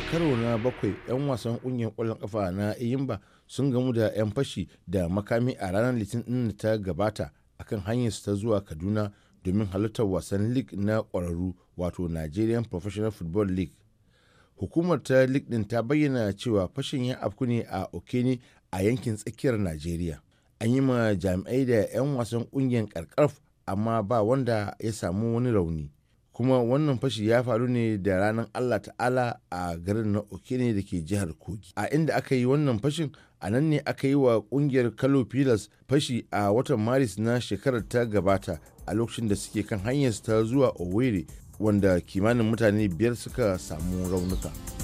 a karo na bakwai 'yan wasan kungiyar kwallon kafa na iyimba sun gamu da 'yan fashi da makami a ranar litinin da ta gabata akan hanyar su ta zuwa kaduna domin halartar wasan league na kwararru wato nigerian professional football league hukumar ta league din ta bayyana cewa fashin ya afku ne a okene a yankin tsakiyar nigeria an yi ma jami'ai da 'yan wasan kungiyar karkarf amma ba wanda ya samu wani rauni kuma wannan fashi ya faru ne da ranar allah ta'ala a garin na ne da ke jihar kogi a inda aka yi wannan fashin a nan ne aka yi wa kungiyar kalo pilas fashi a watan maris na shekarar ta gabata a lokacin da suke kan hanyar ta zuwa owerri wanda kimanin mutane biyar suka samu raunuka.